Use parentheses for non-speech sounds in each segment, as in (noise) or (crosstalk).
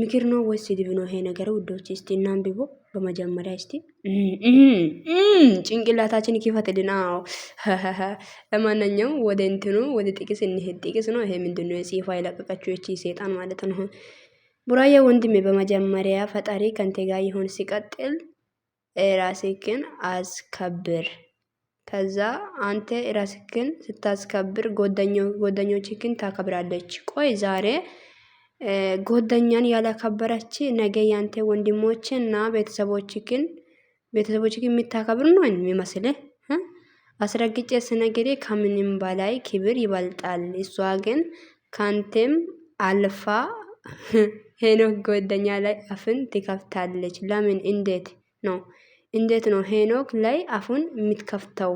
ምክር ነው ወይስ ስድብ ነው? ይሄ ነገር ውዶች እስቲ እናንብቦ። በመጀመሪያ እስቲ ጭንቅላታችን ክፈትልን። አዎ (laughs) ለማንኛውም ወደ እንትኑ ወደ ጥቅስ እንሄድ። ጥቅስ ነው ይሄ ምንድን ነው? የጽፋ የለቀቀችው ይቺ ሴጣን ማለት ነው። ቡራዬ ወንድሜ በመጀመሪያ ፈጣሪ ከንቴ ጋር ይሁን። ሲቀጥል ራስክን አስከብር። ከዛ አንተ ራስክን ስታስከብር ጓደኞችክን ታከብራለች። ቆይ ዛሬ ጎደኛን ያላከበረች ነገ ያንተ ወንድሞችና ቤተሰቦችህን ቤተሰቦችህን የምታከብር ነው የሚመስልህ? አስረግጬ ስነግሬ ከምንም በላይ ክብር ይበልጣል። እሷ ግን ካንተም አልፋ (laughs) ሄኖክ ጎደኛ ላይ አፍን ትከፍታለች። ለምን? እንዴት ነው እንዴት ነው ሄኖክ ላይ አፉን የምትከፍተው?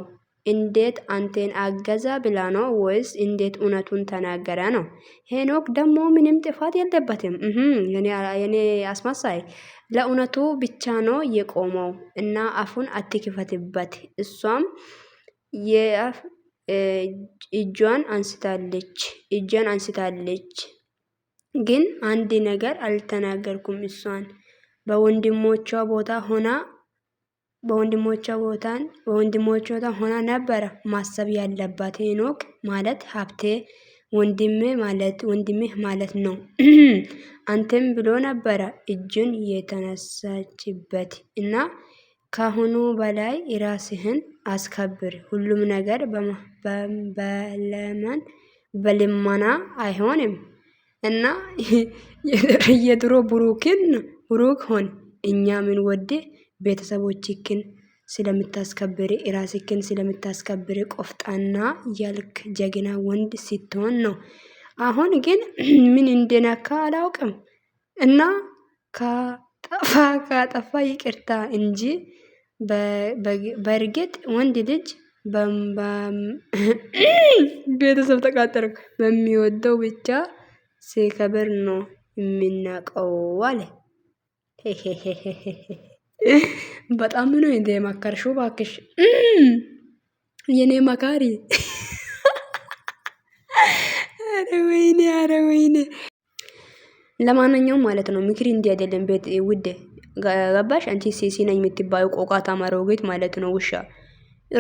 እንዴት አንቴን አገዛ ብላ ነው ወይስ እንዴት እውነቱን ተናገረ ነው? ሄኖክ ደግሞ ምንም ጥፋት የለበትም። የኔ አስማሳይ ለእውነቱ ብቻ ነው የቆመው እና አፉን አትክፈትበት። እሷም እጇን አንስታለች እጇን አንስታለች፣ ግን አንድ ነገር አልተናገርኩም። እሷን በወንድሞቿ ቦታ ሆና በወንድሞቿ ቦታን በወንድሞቿ ቦታ ሆና ነበረ ማሰብ ያለባት። ሄኖክ ማለት ሀብቴ ወንድሜ ማለት ወንድሜ ማለት ነው (clears throat) አንተም ብሎ ነበረ እጁን የተነሳችበት እና ካሁኑ በላይ ራስህን አስከብር። ሁሉም ነገር በለመን በልመና አይሆንም እና (laughs) የድሮ ብሩክን ብሩክ ሆን እኛ ምን ወዴ ቤተሰቦችክን ስለምታስከብር እራስክን ስለምታስከብር ቆፍጣና ያልክ ጀግና ወንድ ስትሆን ነው። አሁን ግን ምን እንደነካ አላውቅም እና ካጠፋ ካጠፋ ይቅርታ እንጂ በእርግጥ ወንድ ልጅ (clears throat) ቤተሰብ ተቃጠርኩ በሚወደው ብቻ ሲከብር ነው የምናቀው አለ። (laughs) በጣም ነው እንደ መከርሽው ባክሽ የኔ መካሪ። (laughs) አረ ወይኔ፣ አረ ወይኔ። ለማንኛውም ማለት ነው ምክር እንዲህ አይደለም። ቤት ውዴ ገባሽ? አንቺ ሲሲ ነኝ የምትባዩ ቆቃታ ማሮጌት ማለት ነው ውሻ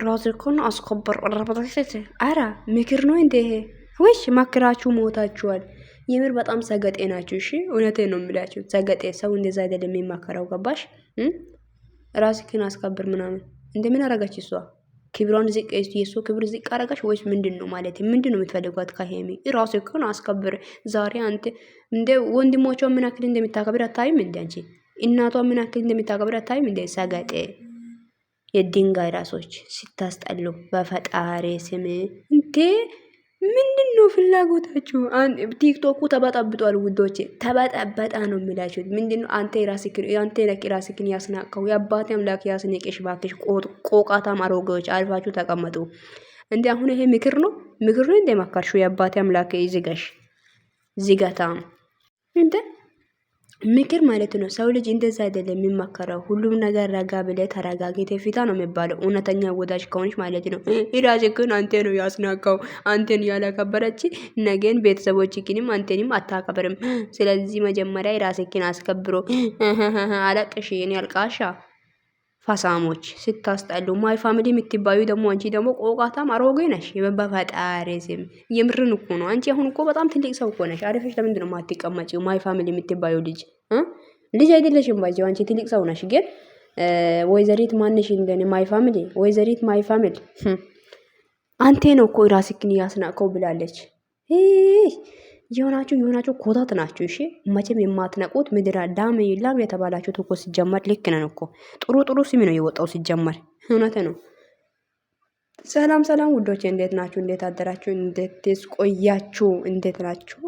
ራሱ እኮ ነው አስከበር ረበተሰት። አረ ምክር ነው እንዴ ይሄ? ወይሽ ማክራችሁ ሞታችኋል። የምር በጣም ሰገጤ ናችሁ። እሺ እውነቴ ነው የምላችሁ ሰገጤ። ሰው እንደዛ አይደለም የሚማከረው ገባሽ? ራስህን አስከብር ምናምን እንደ ምን አረጋች እሷ ክብሯን ዝቅ የሱ ክብር ዝቅ አረጋች ወይስ ምንድን ነው ማለት ምንድን ነው የምትፈልጓት ከሄሚ ራስህን አስከብር ዛሬ አንተ እንደ ወንድሞቿ ምን ያክል እንደሚታከብር አታይም እንደ አንቺ እናቷ ምን ያክል እንደሚታከብር አታይም እንደ ሰገጤ የድንጋይ ራሶች ስታስጠሉ በፈጣሪ ስም እንዴ ምንድን ነው ፍላጎታችሁ? ቲክቶኩ ተበጠብጧል ውዶቼ፣ ተበጠበጣ ነው የሚላችሁት። ምንድን ነው አንተ ራስክን አንተ ራስክን ያስናቀው? የአባት አምላክ ያስነቀሽ። ባክሽ። ቆቃታም አሮጌዎች አልፋችሁ ተቀመጡ። እንዲ አሁን ይሄ ምክር ነው ምክር ነው እንደ መካርሹ የአባት አምላክ ይዝጋሽ፣ ዝጋታም እንዴ ምክር ማለት ነው። ሰው ልጅ እንደዛ አይደለም የሚመከረው። ሁሉም ነገር ረጋ ብለ ተረጋግተ ፊታ ነው የሚባለው፣ እውነተኛ ወዳጅ ከሆነች ማለት ነው። ግን አንቴ ነው ያስናካው። አንቴን ያላከበረች ነገን ቤተሰቦች ግንም አንቴንም አታከብርም። ስለዚህ መጀመሪያ ራስህን አስከብሮ። አለቅሽ የኔ አልቃሻ ፈሳሞች ስታስጠሉ ማይ ፋሚሊ የምትባዩ ደግሞ አንቺ ደግሞ ቆቃታም አሮጌ ነሽ። በፈጣሪ ስም የምርን እኮ ነው። አንቺ አሁን እኮ በጣም ትልቅ ሰው እኮ ነሽ። አሪፈሽ ለምንድን ነው የማትቀመጪው? ማይ ፋሚሊ የምትባዩ ልጅ ልጅ አይደለሽም። ባይዘው አንቺ ትልቅ ሰው ነሽ። ግን ወይዘሪት ማንሽ እንደኔ ማይ ፋሚሊ ወይዘሪት ማይ ፋሚሊ አንቴ ነው እኮ ራስክን እያስናቀው ብላለች። የሆናችሁ የሆናችሁ ኮታት ናችሁ። እሺ መቼም የማትነቁት ምድራ ዳም ላም የተባላችሁት እኮ ሲጀመር ልክ ነን እኮ። ጥሩ ጥሩ ስሚ ነው የወጣው ሲጀመር፣ እውነት ነው። ሰላም ሰላም ውዶች፣ እንዴት ናችሁ? እንዴት አደራችሁ? እንዴትስ ቆያችሁ? እንዴት ናችሁ?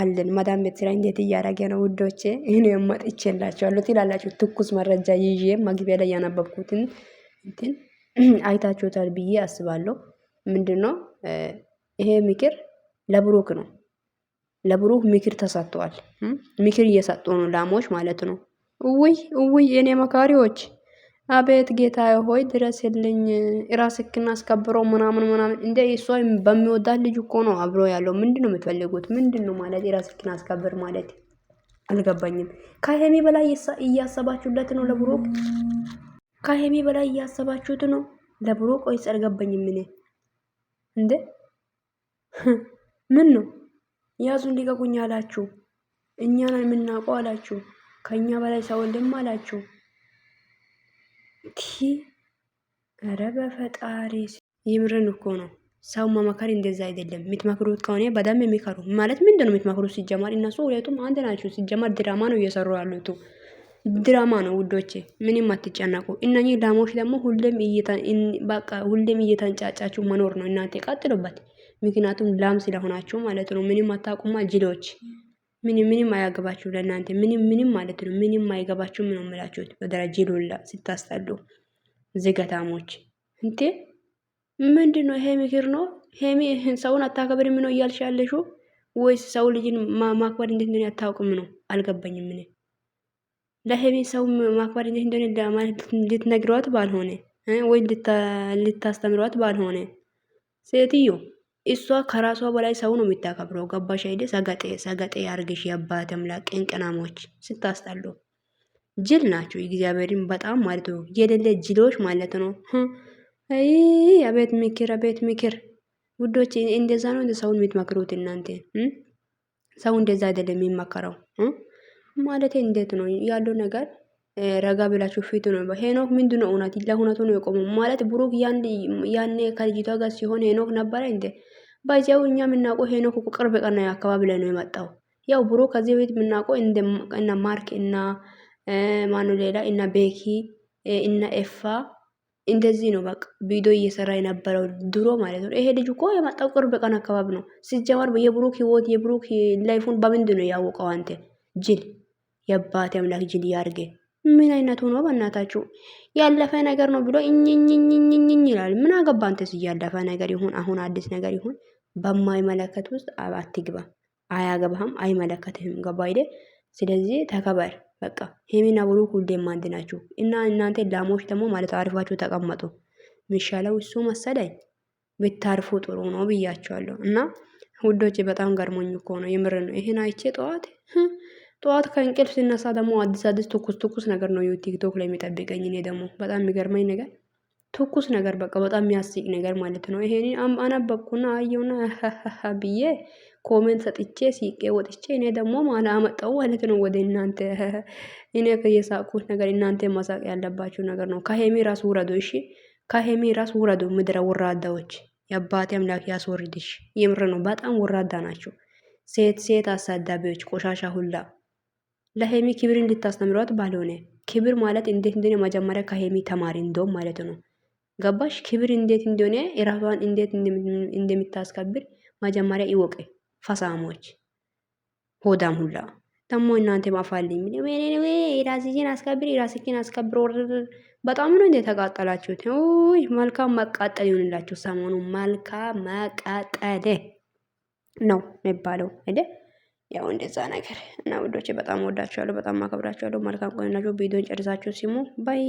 አለን መዳም ቤት ስራ እንዴት እያደረገ ነው ውዶቼ? ይህን መጥቼላችኋለሁ ትላላችሁ። ትኩስ መረጃ ይዤ መግቢያ ላይ ያነበብኩትን እንትን አይታችሁታል ብዬ አስባለሁ። ምንድን ነው ይሄ ምክር ለብሩክ ነው ለብሩህ ምክር ተሰጥቷል። ምክር እየሰጡ ነው፣ ላሞች ማለት ነው። እውይ እውይ የኔ መካሪዎች፣ አቤት ጌታ ሆይ ድረስልኝ፣ ራስክን አስከብሮ ምናምን ምናምን። እንደ እሷ በሚወዳት ልጅ እኮ ነው አብሮ ያለው። ምንድን ነው የምትፈልጉት? ምንድን ነው ማለት ራስክን አስከብር ማለት አልገባኝም። ከሄሚ በላይ እያሰባችሁለት ነው ለብሩክ፣ ከሄሚ በላይ እያሰባችሁት ነው ለብሩክ። ቆይስ አልገባኝም። ምን እንደ ምን ነው ያዙን ልቀቁኝ አላችሁ። እኛን የምናውቀው አላችሁ። ከእኛ በላይ ሰው ወንድም አላችሁ። ቲ ኧረ በፈጣሪ ይምርን እኮ ነው። ሰው መመከር እንደዛ አይደለም። የምትመክሩት ከሆነ በደንብ የሚከሩ ማለት ምንድን ነው የምትመክሩት? ሲጀመር እነሱ ሁለቱም አንድ ናቸው። ሲጀመር ድራማ ነው እየሰሩ ያሉት። ድራማ ነው ውዶቼ፣ ምንም አትጨነቁ። እነኚህ ዳሞች ደግሞ ሁሌም በቃ እየተንጫጫችሁ መኖር ነው እናንተ ቀጥሎበት። ምክንያቱም ላም ስለሆናችሁ ማለት ነው። ምንም አታቁማ ጅሎች። ምንም ምንም አያገባችሁ ለእናንተ ምንም ምንም ማለት ነው። ምንም አይገባችሁ ምን የምላችሁት። በደረ ጅሎላ ስታስጠሉ ዝገታሞች እንቴ ምንድን ነው ይሄ? ምክር ነው ሄሚ። ሰውን አታከብርም ነው እያልሻለሹ ወይስ ሰው ልጅን ማክበር እንዴት ነው ያታውቅም ነው? አልገባኝም እኔ ለህቤ ሰው ማክበር እንዴት እንደሆነ ለማለት ልትነግሯት ባልሆነ ወይ ልታስተምሯት ባልሆነ ሴትዮ እሷ ከራሷ በላይ ሰው ነው የምታከብረው። ገባሽ አይደ ሰገጤ ሰገጤ ያርግሽ። የአባት አምላክ ቅንቅናሞች ስታስጠሉ ጅል ናቸው። እግዚአብሔርን በጣም ማለት ነው የሌለ ጅሎች ማለት ነው። አይ አቤት ምክር፣ አቤት ምክር ውዶች። እንደዛ ነው ሰውን የምትመክሩት እናንተ። ሰው እንደዛ አይደለም የሚመከረው። ማለት እንዴት ነው ያለው ነገር ረጋ ብላችሁ ፊቱ ነው። ሄኖክ ምንድነው እውነት ለእውነቱ ነው የቆመው ማለት ብሩክ ያኔ ከልጅቷ ጋር ሲሆን ሄኖክ ነበረ እንዴ? ባይዚያው እኛ የምናውቀው ሄኖክ ቅርብ ቀና አካባቢ ላይ ነው የመጣው። ያው ብሩክ ከዚህ በፊት የምናውቀው እና ማርክ እና ማኑ ሌላ እና ቤኪ እና ኤፋ እንደዚህ ነው በቃ ቪዲዮ እየሰራ የነበረው ድሮ ማለት ነው። ይሄ ልጅ እኮ የመጣው ቅርብ ቀን አካባቢ ነው። ሲጀመር የብሩክ ህይወት የብሩክ ላይፉን በምንድን ነው ያወቀው አንተ ጅል? የአባቴ አምላክ ጅል ያርገ። ምን አይነቱ ነው በእናታችሁ? ያለፈ ነገር ነው ብሎ እኝኝኝኝኝ ይላል። ምን አገባ አንተስ? ያለፈ ነገር ይሁን አሁን አዲስ ነገር ይሁን በማይመለከት ውስጥ አትግባ። አያገባህም፣ አይመለከትህም። ገባ አይደ? ስለዚህ ተከበር። በቃ ሄሚና ብሩክ ሁሌም አንድ ናችሁ እና እናንተ ላሞች ደግሞ ማለት አሪፋችሁ ተቀመጡ። የሚሻለው እሱ መሰለኝ ብታርፉ ጥሩ ነው ብያቸዋለሁ። እና ውዶች በጣም ገርሞኝ እኮ ነው የምር ነው ይህን አይቼ ጠዋት ጠዋት ከእንቅልፍ ሲነሳ ደግሞ አዲስ አዲስ ትኩስ ትኩስ ነገር ነው ቲክቶክ ላይ የሚጠብቀኝ። እኔ ደግሞ በጣም የሚገርመኝ ነገር ትኩስ ነገር በቃ በጣም የሚያስቅ ነገር ማለት ነው። ይሄኔ አነበብኩና አየውና ብዬ ኮሜንት ሰጥቼ ሲቄ ወጥቼ እኔ ደግሞ ማለ አመጣው ማለት ነው ወደ እናንተ። እኔ ከየሳቁት ነገር እናንተ ማሳቅ ያለባችሁ ነገር ነው። ከሄሜ ራስ ውረዶ፣ እሺ ከሄሜ ራስ ውረዶ። ምድረ ውራዳዎች የአባቴ አምላክ ያስወርድሽ። የምር ነው። በጣም ውራዳ ናቸው። ሴት ሴት አሳዳቢዎች ቆሻሻ ሁላ ለሄሚ ክብር እንድታስተምሯት ባልሆነ ክብር ማለት እንዴት እንደሆነ መጀመሪያ ከሄሚ ተማሪ እንደውም ማለት ነው። ገባሽ? ክብር እንዴት እንደሆነ የራሷን እንዴት እንደምታስከብር መጀመሪያ ይወቅ። ፈሳሞች፣ ሆዳም ሁላ ደግሞ እናንተ ማፋል ማፋልኝ ራስሽን አስከብር፣ ራስሽን አስከብር። በጣም ነው እንዴ ተቃጠላችሁት። ይ መልካም መቃጠል ይሆንላችሁ። ሰሞኑ መልካም መቃጠል ነው የሚባለው አይደል? ያው እንደዛ ነገር እና ውዶቼ በጣም ወዳችኋለሁ፣ በጣም አከብራችኋለሁ። መልካም ቆይታችሁ። ቪዲዮን ጨርሳችሁ ሲሙ ባይ